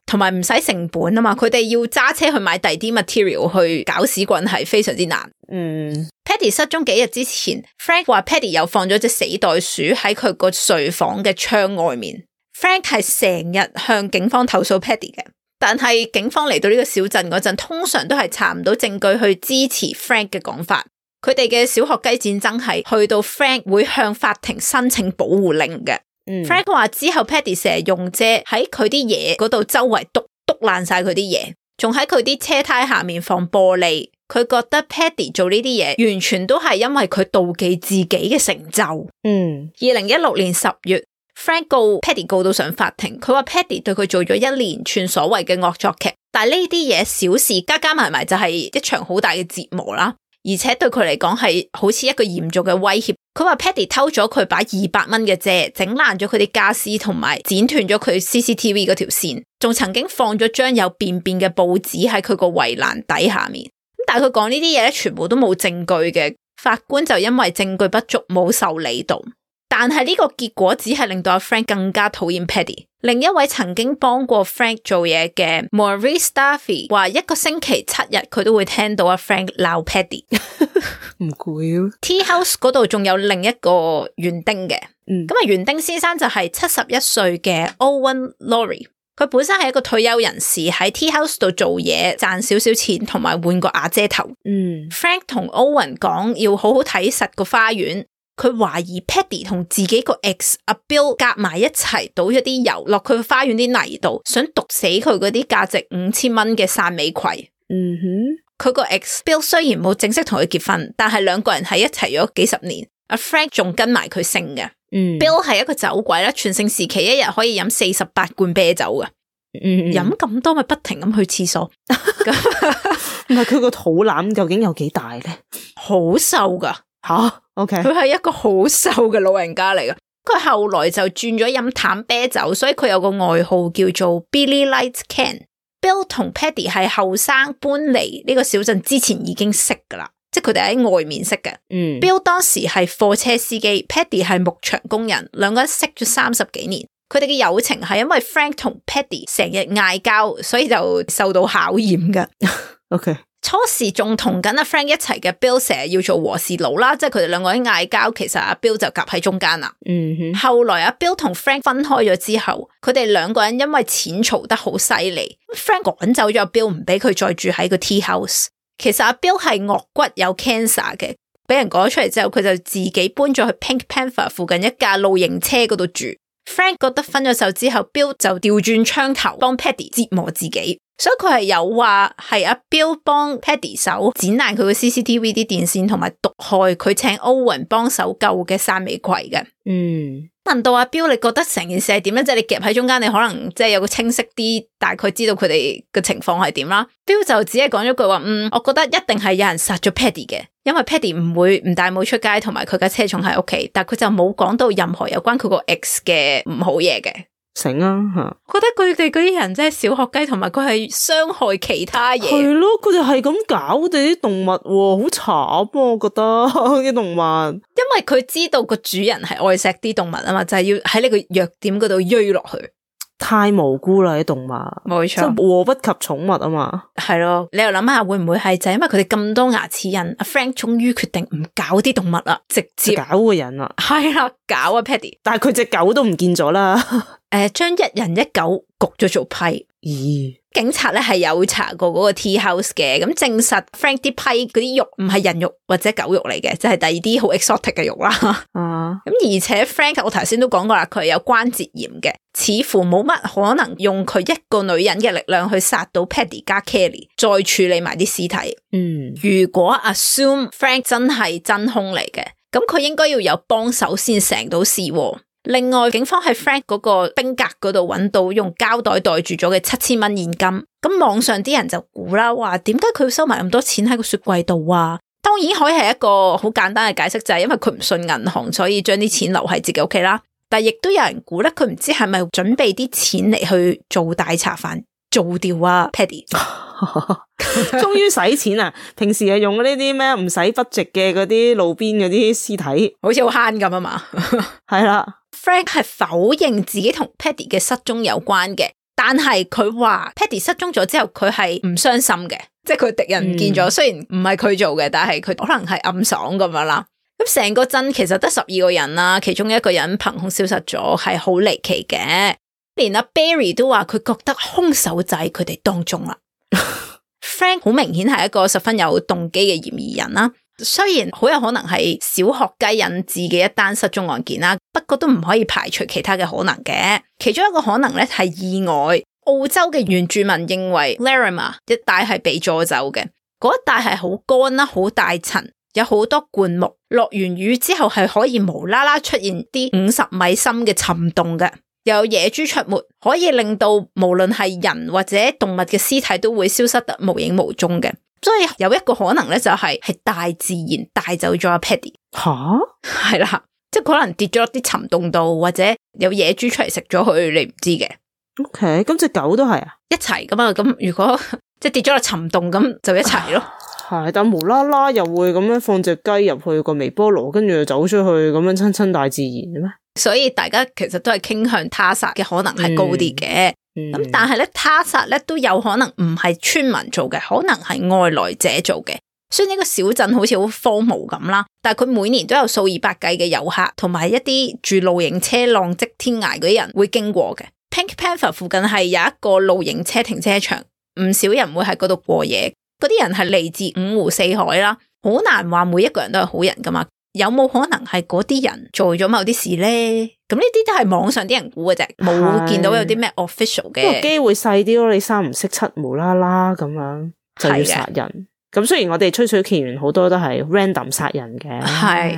同埋唔使成本啊嘛，佢哋要揸車去買第二啲 material 去搞屎棍係非常之難。嗯，Paddy 失蹤幾日之前，Frank 話 Paddy 又放咗隻死袋鼠喺佢個睡房嘅窗外面。Frank 係成日向警方投訴 Paddy 嘅，但係警方嚟到呢個小鎮嗰陣，通常都係查唔到證據去支持 Frank 嘅講法。佢哋嘅小學雞戰爭係去到 Frank 會向法庭申請保護令嘅。Frank 話之後 Paddy 成日用遮，喺佢啲嘢嗰度周圍篤篤爛晒佢啲嘢，仲喺佢啲車胎下面放玻璃。佢覺得 Paddy 做呢啲嘢完全都係因為佢妒忌自己嘅成就。嗯，二零一六年十月，Frank 告 Paddy 告到上法庭，佢話 Paddy 對佢做咗一連串所謂嘅惡作劇，但係呢啲嘢小事加加埋埋就係一場好大嘅折磨啦。而且對佢嚟講係好似一個嚴重嘅威脅。佢話 Paddy 偷咗佢把二百蚊嘅遮，整爛咗佢啲家私，同埋剪斷咗佢 CCTV 嗰條線，仲曾經放咗張有便便嘅報紙喺佢個圍欄底下面。但係佢講呢啲嘢咧，全部都冇證據嘅。法官就因為證據不足，冇受理到。但係呢個結果只係令到阿 Frank 更加討厭 Paddy。另一位曾經幫過 Frank 做嘢嘅 Maurice Starfy 話，一個星期七日佢都會聽到阿 Frank 鬧 Paddy。唔攰咯。Tea House 嗰度仲有另一個園丁嘅，咁啊園丁先生就係七十一歲嘅 Owen Laurie。佢本身係一個退休人士，喺 Tea House 度做嘢賺少少錢，同埋換個瓦遮頭。嗯，Frank 同 Owen 講要好好睇實個花園。佢懷疑 Paddy 同自己個 ex 阿 Bill 夾埋一齊倒一啲油落佢花園啲泥度，想毒死佢嗰啲價值五千蚊嘅汕尾葵。嗯哼，佢個 ex Bill 雖然冇正式同佢結婚，但係兩個人喺一齊咗幾十年。阿 Frank 仲跟埋佢姓嘅。嗯，Bill 係一個酒鬼啦，全盛時期一日可以飲四十八罐啤酒嘅。嗯哼，飲咁多咪不停咁去廁所。唔係佢個肚腩究竟有幾大咧？好瘦噶。吓、啊、OK，佢係一個好瘦嘅老人家嚟嘅。佢後來就轉咗飲淡啤酒，所以佢有個外號叫做 Billy Light Can。Bill 同 Paddy 係後生搬嚟呢個小鎮之前已經識噶啦，即係佢哋喺外面識嘅。嗯，Bill 當時係貨車司機，Paddy 係牧場工人，兩個人識咗三十幾年。佢哋嘅友情係因為 Frank 同 Paddy 成日嗌交，所以就受到考驗嘅。 OK。初時仲同緊阿 Frank 一齊嘅 Bill 成日要做和事佬啦，即係佢哋兩個人嗌交，其實阿 Bill 就夾喺中間啦。嗯哼，後來阿 Bill 同 Frank 分開咗之後，佢哋兩個人因為錢嘈得好犀利，Frank 趕走咗阿 Bill，唔俾佢再住喺個 tea house。其實阿 Bill 係惡骨有 cancer 嘅，俾人趕出嚟之後，佢就自己搬咗去 Pink Panther 附近一架露營車嗰度住。 Frank 覺得分咗手之後 ，Bill 就調轉槍頭幫 Paddy 折磨自己。所以佢係有話係阿 Bill 幫 Paddy 手剪爛佢個 CCTV 啲電線，同埋毒害佢請 Owen 幫手救嘅三尾葵嘅。嗯，問到阿 Bill，你覺得成件事係點咧？即係你夾喺中間，你可能即係有個清晰啲，大概知道佢哋嘅情況係點啦。Bill 就只係講咗句話，嗯，我覺得一定係有人殺咗 Paddy 嘅，因為 Paddy 唔會唔帶帽出街，同埋佢架車重喺屋企，但佢就冇講到任何有關佢個 ex 嘅唔好嘢嘅。醒啊吓！覺得佢哋嗰啲人真係小學雞，同埋佢係傷害其他嘢。係咯，佢哋係咁搞哋啲動物，好慘啊！我覺得啲 動物，因為佢知道個主人係愛錫啲動物啊嘛，就係、是、要喺呢個弱點嗰度追落去。太無辜啦啲動物，冇錯錯，禍不及寵物啊嘛。係咯，你又諗下會唔會係就係、是、因為佢哋咁多牙齒印？阿 Frank 終於決定唔搞啲動物啦，直接搞個人啦。係啦，搞啊 Paddy，但係佢隻狗都唔見咗啦。 誒，將一人一狗焗咗做批，咦？Yeah. 警察咧係有查過嗰個 tea house 嘅，咁證實 Frank 啲批嗰啲肉唔係人肉或者狗肉嚟嘅，就係、是、第二啲好 exotic 嘅肉啦。啊，咁而且 Frank 我頭先都講過啦，佢有關節炎嘅，似乎冇乜可能用佢一個女人嘅力量去殺到 Paddy 加 Kellie，再處理埋啲屍體。嗯，mm. 如果 assume Frank 真係真兇嚟嘅，咁佢應該要有幫手先成到事，啊。另外，警方喺 Frank 嗰個冰格嗰度揾到用膠袋袋住咗嘅七千蚊現金。咁網上啲人就估啦，話點解佢收埋咁多錢喺個雪櫃度啊？當然可以係一個好簡單嘅解釋，就係、是、因為佢唔信銀行，所以將啲錢留喺自己屋企啦。但係亦都有人估咧，佢唔知係咪準備啲錢嚟去做大茶飯做掉啊？Paddy 終於使 錢啦！平時係用呢啲咩唔使不值嘅嗰啲路邊嗰啲屍體， 好似好慳咁啊嘛，係啦。Frank 係否認自己同 Paddy 嘅失蹤有關嘅，但係佢話 Paddy 失蹤咗之後，佢係唔傷心嘅，即係佢敵人唔見咗。嗯、雖然唔係佢做嘅，但係佢可能係暗爽咁樣啦。咁成個鎮其實得十二個人啦、啊，其中一個人憑空消失咗，係好離奇嘅。連阿 Barry 都話佢覺得凶手仔佢哋當中啦、啊。 Frank 好明顯係一個十分有動機嘅嫌疑人啦、啊。雖然好有可能係小學雞引致嘅一單失蹤案件啦，不過都唔可以排除其他嘅可能嘅。其中一個可能咧，係意外。澳洲嘅原住民認為 Larrimah 一帶係被詛咒嘅，嗰一帶係好乾啦，好大塵，有好多灌木。落完雨之後係可以無啦啦出現啲五十米深嘅沉洞嘅，有野豬出沒，可以令到無論係人或者動物嘅屍體都會消失得無影無蹤嘅。所以有一個可能咧，就係係大自然帶走咗阿 Paddy 吓，係啦哈， 即係可能跌咗落啲沉洞度，或者有野豬出嚟食咗佢，你唔知嘅。OK，咁隻狗都係啊，一齊噶嘛。咁如果即係跌咗落沉洞，咁就一齊咯。係，但係無啦啦又會咁樣放隻雞入去個微波爐，跟住就走出去，咁樣親親大自然嘅咩？所以大家其實都係傾向他殺嘅可能係高啲嘅。嗯咁但係咧，他殺咧都有可能唔係村民做嘅，可能係外來者做嘅。雖然呢個小鎮好似好荒蕪咁啦，但係佢每年都有數以百計嘅遊客同埋一啲住露營車浪跡天涯嗰啲人會經過嘅。Pink Panther 附近係有一個露營車停車場，唔少人會喺嗰度過夜。嗰啲人係嚟自五湖四海啦，好難話每一個人都係好人噶嘛。有冇可能係嗰啲人做咗某啲事咧？咁呢啲都係網上啲人估嘅啫，冇見到有啲咩 official 嘅機會細啲咯，你三唔識七，無啦啦咁樣就要殺人。咁的雖然我哋《吹水奇緣》好多都係 random 殺人嘅，係，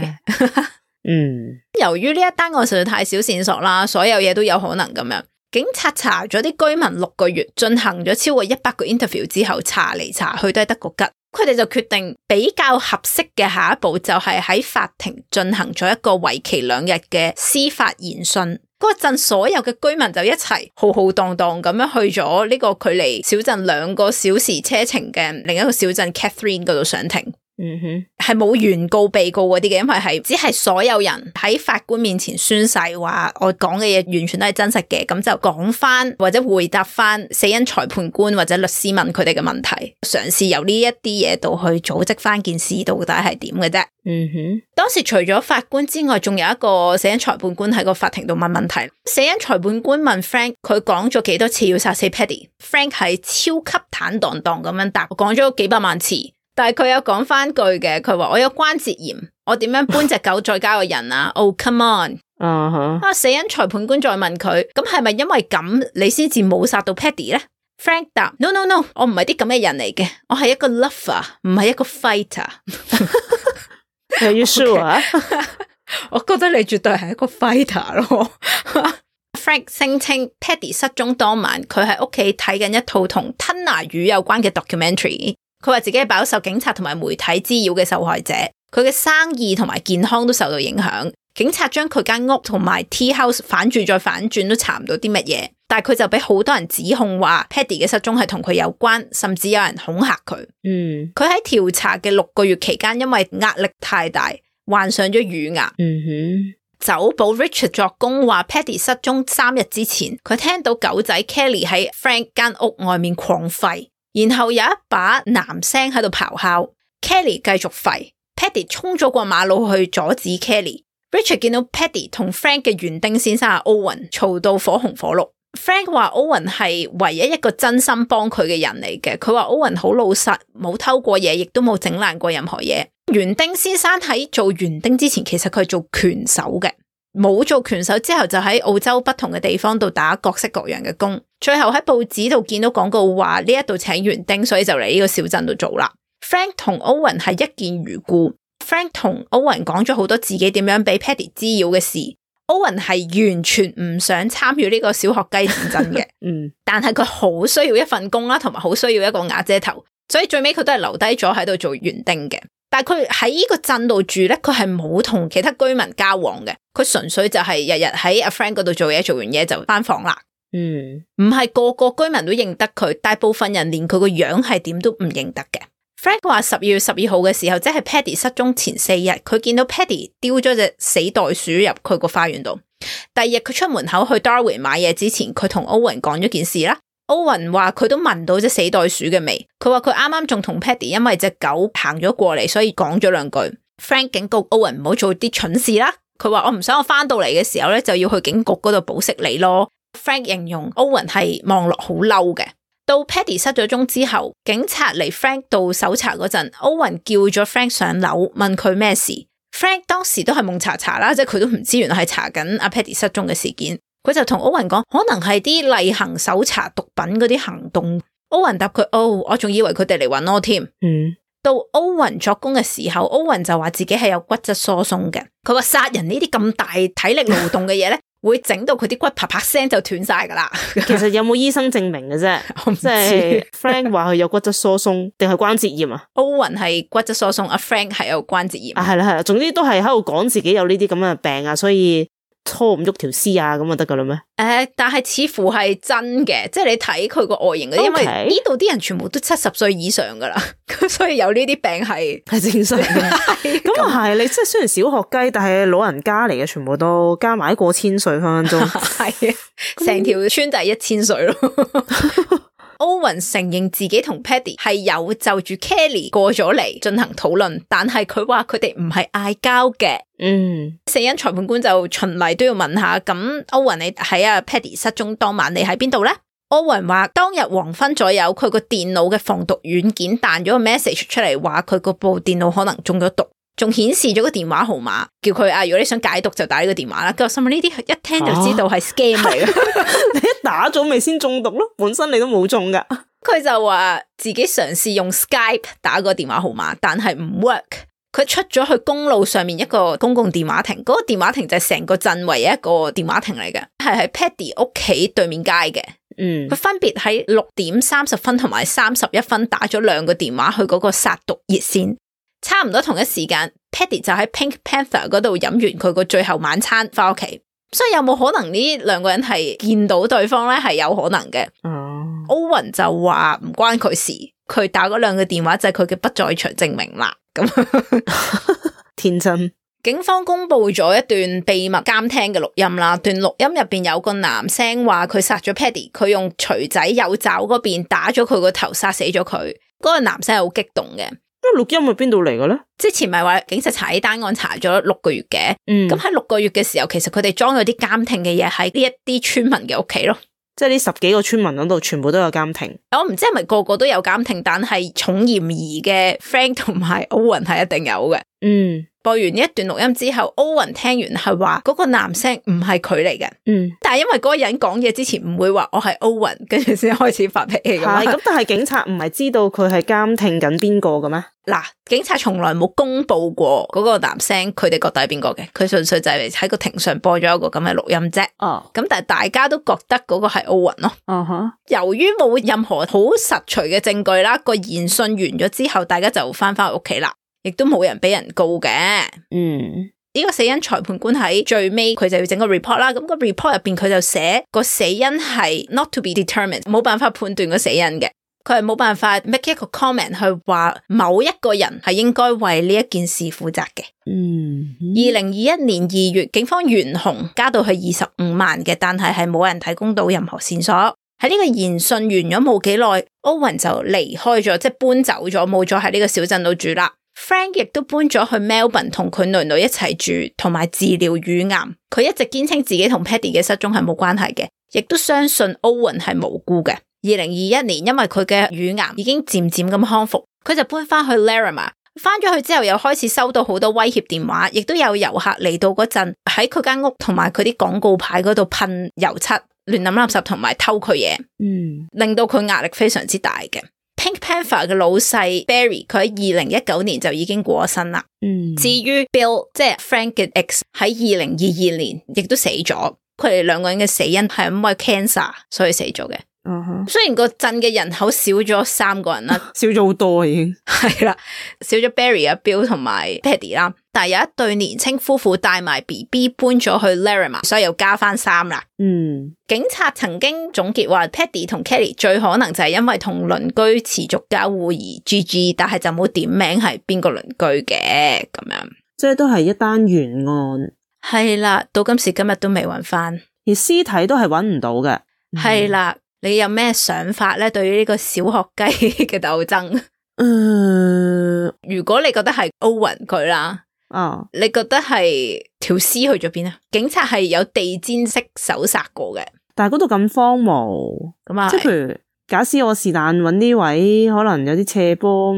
嗯。由於呢一單案實在太少線索啦，所有嘢都有可能咁樣。警察查咗啲居民六個月，進行咗超過一百個 interview 之後，查嚟查去都係得個吉。佢哋就決定比較合適嘅下一步，就係喺法庭進行咗一個為期兩日嘅司法研訊。嗰陣所有嘅居民就一齊浩浩蕩蕩咁樣去咗呢個距離小鎮兩個小時車程嘅另一個小鎮 Catherine 嗰度上庭。嗯哼，係冇原告被告嗰啲嘅，因為係只係所有人喺法官面前宣誓，話我講嘅嘢完全都係真實嘅，咁就講翻或者回答翻死因裁判官或者律師問佢哋嘅問題，嘗試由呢一啲嘢度去組織翻件事到底係點嘅啫。嗯哼，當時除咗法官之外，仲有一個死因裁判官喺個法庭度問問題。死因裁判官問 Frank，佢講咗幾多次要殺死 Paddy？Frank 係超級坦蕩蕩咁樣答，講咗幾百萬次。但係佢有講翻句嘅，佢話我有關節炎，我點樣搬隻狗再加個人啊？Oh come on。uh huh. 啊死因裁判官再問佢，咁係咪因為咁你先至冇殺到 Paddy 咧？Frank 答：No no no，我唔係啲咁嘅人嚟嘅，我係一個 lover，唔係一個 fighter。Are you sure？我覺得你絕對係一個 fighter 咯。 Frank 聲稱 Paddy 失蹤當晚，佢喺屋企睇緊一套同吞拿魚有關嘅 documentary。佢話自己係飽受警察同埋媒體滋擾嘅受害者，佢嘅生意同埋健康都受到影響。警察將佢間屋同埋 T house 反轉再反轉都查唔到啲乜嘢，但係佢就俾好多人指控話 Paddy 嘅失蹤係同佢有關，甚至有人恐嚇佢。嗯，佢喺調查嘅六個月期間，因為壓力太大，患上咗乳癌。嗯哼，酒保 Richard 作供話，Paddy 失蹤三日之前，佢聽到狗仔 Kellie 喺 Frank 間屋外面狂吠。然後有一把男聲喺度咆哮，Kellie 繼續吠，Paddy 衝咗過馬路去阻止 Kellie。Richard 見到 Paddy 同 Frank 嘅園丁先生阿 Owen 嘈到火紅火綠。Frank 話 Owen 係唯一一個真心幫佢嘅人嚟嘅，佢話 Owen 好老實，冇偷過嘢，亦都冇整爛過任何嘢。園丁先生喺做園丁之前，其實佢係做拳手嘅。冇做拳手之後就喺澳洲不同嘅地方度打各式各樣嘅工，最後喺報紙度見到廣告話呢一度請園丁，所以就嚟呢個小鎮度做啦。Frank 同 Owen 係一見如故，Frank 同 Owen 講咗好多自己點樣俾 Paddy 滋擾嘅事，Owen 係完全唔想參與呢個小學雞戰爭嘅， 嗯，但係佢好需要一份工啦，同埋好需要一個瓦遮頭，所以最尾佢都係留低咗喺度做園丁嘅。但係佢喺呢個鎮度住咧，佢係冇同其他居民交往嘅，佢純粹就係日日喺阿 Frank 嗰度做嘢，做完嘢就翻房啦。嗯，唔係個個居民都認得佢，大部分人連佢個樣係點都唔認得嘅。Frank 話十二月十二號嘅時候，即係 Paddy 失蹤前四日，佢見到 Paddy 丟咗隻死袋鼠入佢個花園度。第二日佢出門口去 Darwin 買嘢之前，佢同 Owen 講咗件事啦。歐文話佢都聞到隻死袋鼠嘅味，佢話佢啱啱仲同 Paddy 因為隻狗行咗過嚟，所以講咗兩句。Frank 警告歐文唔好做啲蠢事啦，佢話我唔想我返到嚟嘅時候咧就要去警局嗰度保釋你咯。Frank 形容歐文係望落好嬲嘅。到 Paddy 失咗蹤之後，警察嚟 Frank 度搜查嗰陣，歐文叫咗 Frank 上樓問佢咩事。Frank 當時都係蒙查查啦，即係佢都唔知原來係查緊阿 Paddy 失蹤嘅事件。佢就同歐雲講，可能係啲例行搜查毒品嗰啲行動。歐雲答佢：哦，我仲以為佢哋嚟搵我添。嗯，到歐雲作供嘅時候，歐雲就話自己係有骨質疏鬆嘅。佢話殺人呢啲咁大體力勞動嘅嘢咧， 會整到佢啲骨啪啪聲就斷晒噶啦。其實有冇醫生證明嘅啫？即係 Frank 話佢有骨質疏鬆，定係關節炎， 關炎啊？歐雲係骨質疏鬆，阿 Frank 係有關節炎。係啦係啦，總之都係喺度講自己有呢啲咁嘅病啊，所以。拖唔喐條屍啊，咁就得噶啦咩？誒、呃，但係似乎係真嘅，即係你睇佢個外形嗰啲，因為呢度啲人全部都七十歲以上噶啦，咁所以有呢啲病係係正常嘅。咁啊係，你即係雖然小學雞，但係老人家嚟嘅，全部都加埋過千歲分分鐘，係啊，成條村就係一千歲咯。 歐文承認自己同 Paddy 係有就住 Kelly 過咗嚟進行討論，但係佢話佢哋唔係嗌交嘅。嗯，死因裁判官就循例都要問下，咁歐文你喺啊 Paddy 失蹤當晚你喺邊度呢？」歐文話當日黃昏左右，佢個電腦嘅防毒軟件彈咗個 message 出嚟，話佢部電腦可能中咗毒。仲顯示咗個電話號碼，叫佢啊！如果你想解毒，就打呢個電話啦。咁我心諗呢啲一聽就知道係 scam 嚟嘅。你一打咗咪先中毒咯，本身你都冇中噶。佢就話自己嘗試用 Skype 打個電話號碼，但係唔 work。佢出咗去公路上面一個公共電話亭，嗰、嗰個電話亭就成個鎮唯一一個電話亭嚟嘅，係喺 Paddy 屋企對面街嘅。嗯，佢分別喺六點三十分同埋三十一分打咗兩個電話去嗰個殺毒熱線。差唔多同一時間，Paddy 就喺 Pink Panther 嗰度飲完佢個最後晚餐，翻屋企。所以有冇可能呢兩個人係見到對方呢？係有可能嘅。Owen、oh. 就話唔關佢事，佢打嗰兩個電話就係佢嘅不在場證明啦。咁 天真。警方公布咗一段秘密監聽嘅錄音啦，段錄音入邊有個男聲話佢殺咗 Paddy，佢用錘仔右爪嗰邊打咗佢個頭，殺死咗佢。嗰、那個男聲好激動嘅。錄音係邊度嚟嘅咧？之前咪話警察查呢單案查咗六個月嘅，嗯。咁喺六個月嘅時候，其實佢哋裝咗啲監聽嘅嘢喺呢一啲村民嘅屋企咯。即係呢十幾個村民嗰度全部都有監聽。我唔知係咪個個都有監聽，但係重嫌疑嘅 Frank 同埋 Owen 係一定有嘅。嗯。播完呢一段錄音之後，歐文聽完係話嗰個男聲唔係佢嚟嘅，嗯，但係因為嗰個人講嘢之前唔會話我係歐文，跟住先開始發脾氣咁、啊，但係警察唔係知道佢係監聽緊邊個嘅咩？嗱、啊，警察從來冇公布過嗰個男聲，佢哋覺得係邊個嘅，佢純粹就係喺個庭上播咗一個咁嘅錄音啫，哦，咁但係大家都覺得嗰個係歐文咯，嗯、哦、哈由於冇任何好實錘嘅證據啦，個言訊完咗之後，大家就翻翻屋企啦。亦都冇人俾人告嘅，嗯，呢個死因裁判官喺最尾佢就要整個 report 啦，咁個 report 入邊佢就寫個死因係 not to be determined，冇辦法判斷個死因嘅，佢係冇辦法 make 一個 comment 去話某一個人係應該為呢一件事負責嘅，嗯，二零二一年二月警方懸紅加到去二十五萬嘅，但係係冇人提供到任何線索。喺呢個言訊完咗冇幾耐，Owen 就離開咗，即係搬走咗，冇咗喺呢個小鎮度住啦。Frank 亦都搬咗去 Melbourne 同佢囡囡一齊住，同埋治療乳癌。佢一直堅稱自己同 Paddy 嘅失蹤係冇關係嘅，亦都相信 Owen 係無辜嘅。二零二一年，因為佢嘅乳癌已經漸漸咁康復，佢就搬翻去 Larrimah。翻咗去之後，又開始收到好多威脅電話，亦都有遊客嚟到嗰陣喺佢間屋同埋佢啲廣告牌嗰度噴油漆、亂抌垃圾，同埋偷佢嘢，嗯，令到佢壓力非常之大嘅。Pink Panther 嘅老細 Barry，佢喺二零一九年就已經過身啦。嗯，至於 Bill，即係 Frank 嘅 ex，喺二零二二年亦都死咗。佢哋兩個人嘅死因係因為 cancer，所以死咗嘅。嗯，uh huh. 雖然個鎮嘅人口少咗三個人啦， 少咗好多已經。係啦，少咗 Barry、阿 Bill 同埋 Paddy 啦，但係有一對年青夫婦帶埋 B B 搬咗去 Larrimah，所以又加翻三啦。嗯，警察曾經總結話，Paddy 同 Kellie 最可能就係因為同鄰居持續交互而 G G，但係就冇點名係邊個鄰居嘅咁樣，即係都係一單懸案。係啦、嗯，到今時今日都未揾翻，而屍體都係揾唔到嘅。係、嗯、啦。嗯你有咩想法咧？對於呢個小學雞嘅鬥爭，嗯、呃，如果你覺得係歐文佢啦，啊，你覺得係條屍去咗邊啊？警察係有地氈式搜殺過嘅，但係嗰度咁荒蕪咁啊！即係、嗯，就係、譬如假使我是但揾呢位，可能有啲斜坡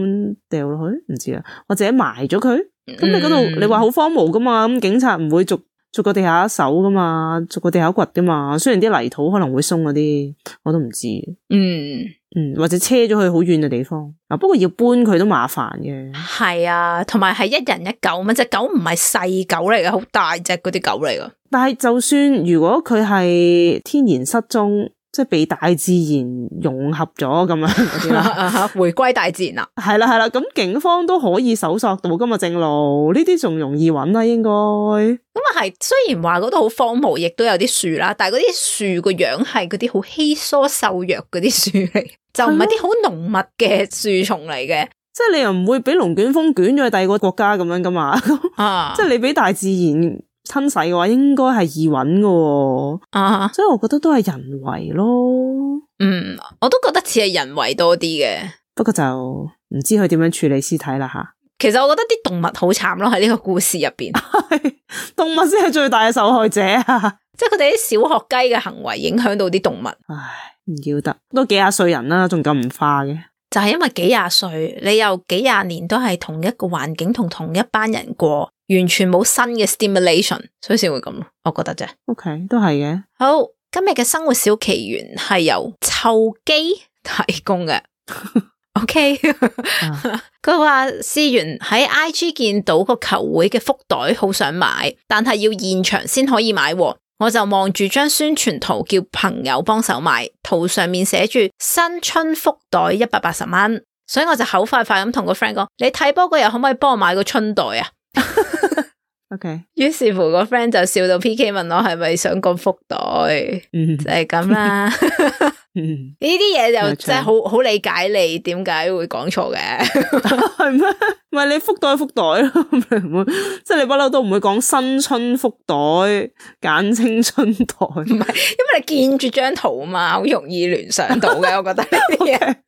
掉落去，唔知啊，或者埋咗佢，咁你嗰度你話好荒蕪噶嘛？咁警察唔會逐逐個地下搜噶嘛，逐個地下掘噶嘛。雖然啲泥土可能會鬆嗰啲，我都唔知。嗯嗯，或者車咗去好遠嘅地方。啊，不過要搬佢都麻煩嘅。係啊，同埋係一人一狗嘛。隻狗唔係細狗嚟嘅，好大隻嗰啲狗嚟嘅。但係就算如果佢係天然失蹤。即係被大自然融合咗咁樣， 回歸大自然啦！係啦係啦，咁警方都可以搜索到噶嘛？正路呢啲仲容易搵啦？應該咁啊係。雖然話嗰度好荒蕪，亦都有啲樹啦，但係嗰啲樹個樣係嗰啲好稀疏瘦弱嗰啲樹嚟，就唔係啲好濃密嘅樹叢嚟嘅。即係你又唔會俾龍捲風捲咗去第二個國家咁樣噶嘛？啊！ 即係你俾大自然清洗嘅話應該、哦，應該係易揾嘅喎。啊，所以我覺得都係人為咯。嗯，我都覺得似係人為多啲嘅。不過就唔知佢點樣處理屍體啦吓。啊、其實我覺得啲動物好慘咯，喺呢個故事入邊， 動物先係最大嘅受害者啊！ 即係佢哋啲小學雞嘅行為影響到啲動物。唉，唔要得，都幾廿歲人啦，仲咁唔化嘅。但係因為幾廿歲，你又幾廿年都係同一個環境同同一班人過，完全冇新嘅 stimulation，所以先會咁咯。我覺得啫。OK，都係嘅。好，今日嘅生活小奇懸係由臭雞提供嘅。 OK，佢話，思源喺 IG 見到個球會嘅福袋，好想買，但係要現場先可以買。我就望住張宣傳圖，叫朋友幫手買。圖上面寫住新春福袋一百八十蚊，所以我就口快快咁同個 friend 講：你睇波嗰日可唔可以幫我買個春袋啊？ OK，於是乎個 friend 就笑到 PK 問我係咪想講福袋，嗯、就係咁啦。呢啲嘢就錯真係好好理解你點解會講錯嘅，係 咩？ 唔係你福袋福袋咯，唔會、即係、就係、你不嬲都唔會講新春福袋，簡稱春袋，唔係，因為你見住張圖嘛，好容易聯想到嘅，我覺得呢啲嘢。啦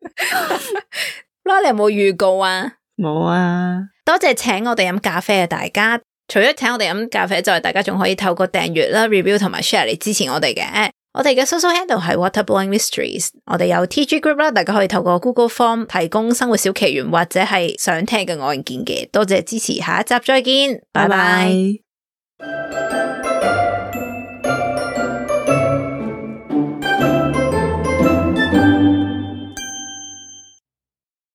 Okay. 你有冇預告啊？冇啊！多謝請我哋飲咖啡啊，大家。除咗請我哋飲咖啡之外，大家仲可以透過訂閱啦、review 同埋 share 嚟支持我哋嘅。我哋嘅 social handle 係 Water Blowing Mysteries。我哋有 TG group 啦，大家可以透過 Google Forms, 提供生活小奇緣或者係想聽嘅案件嘅。多謝支持，下一集再見，bye bye 拜拜。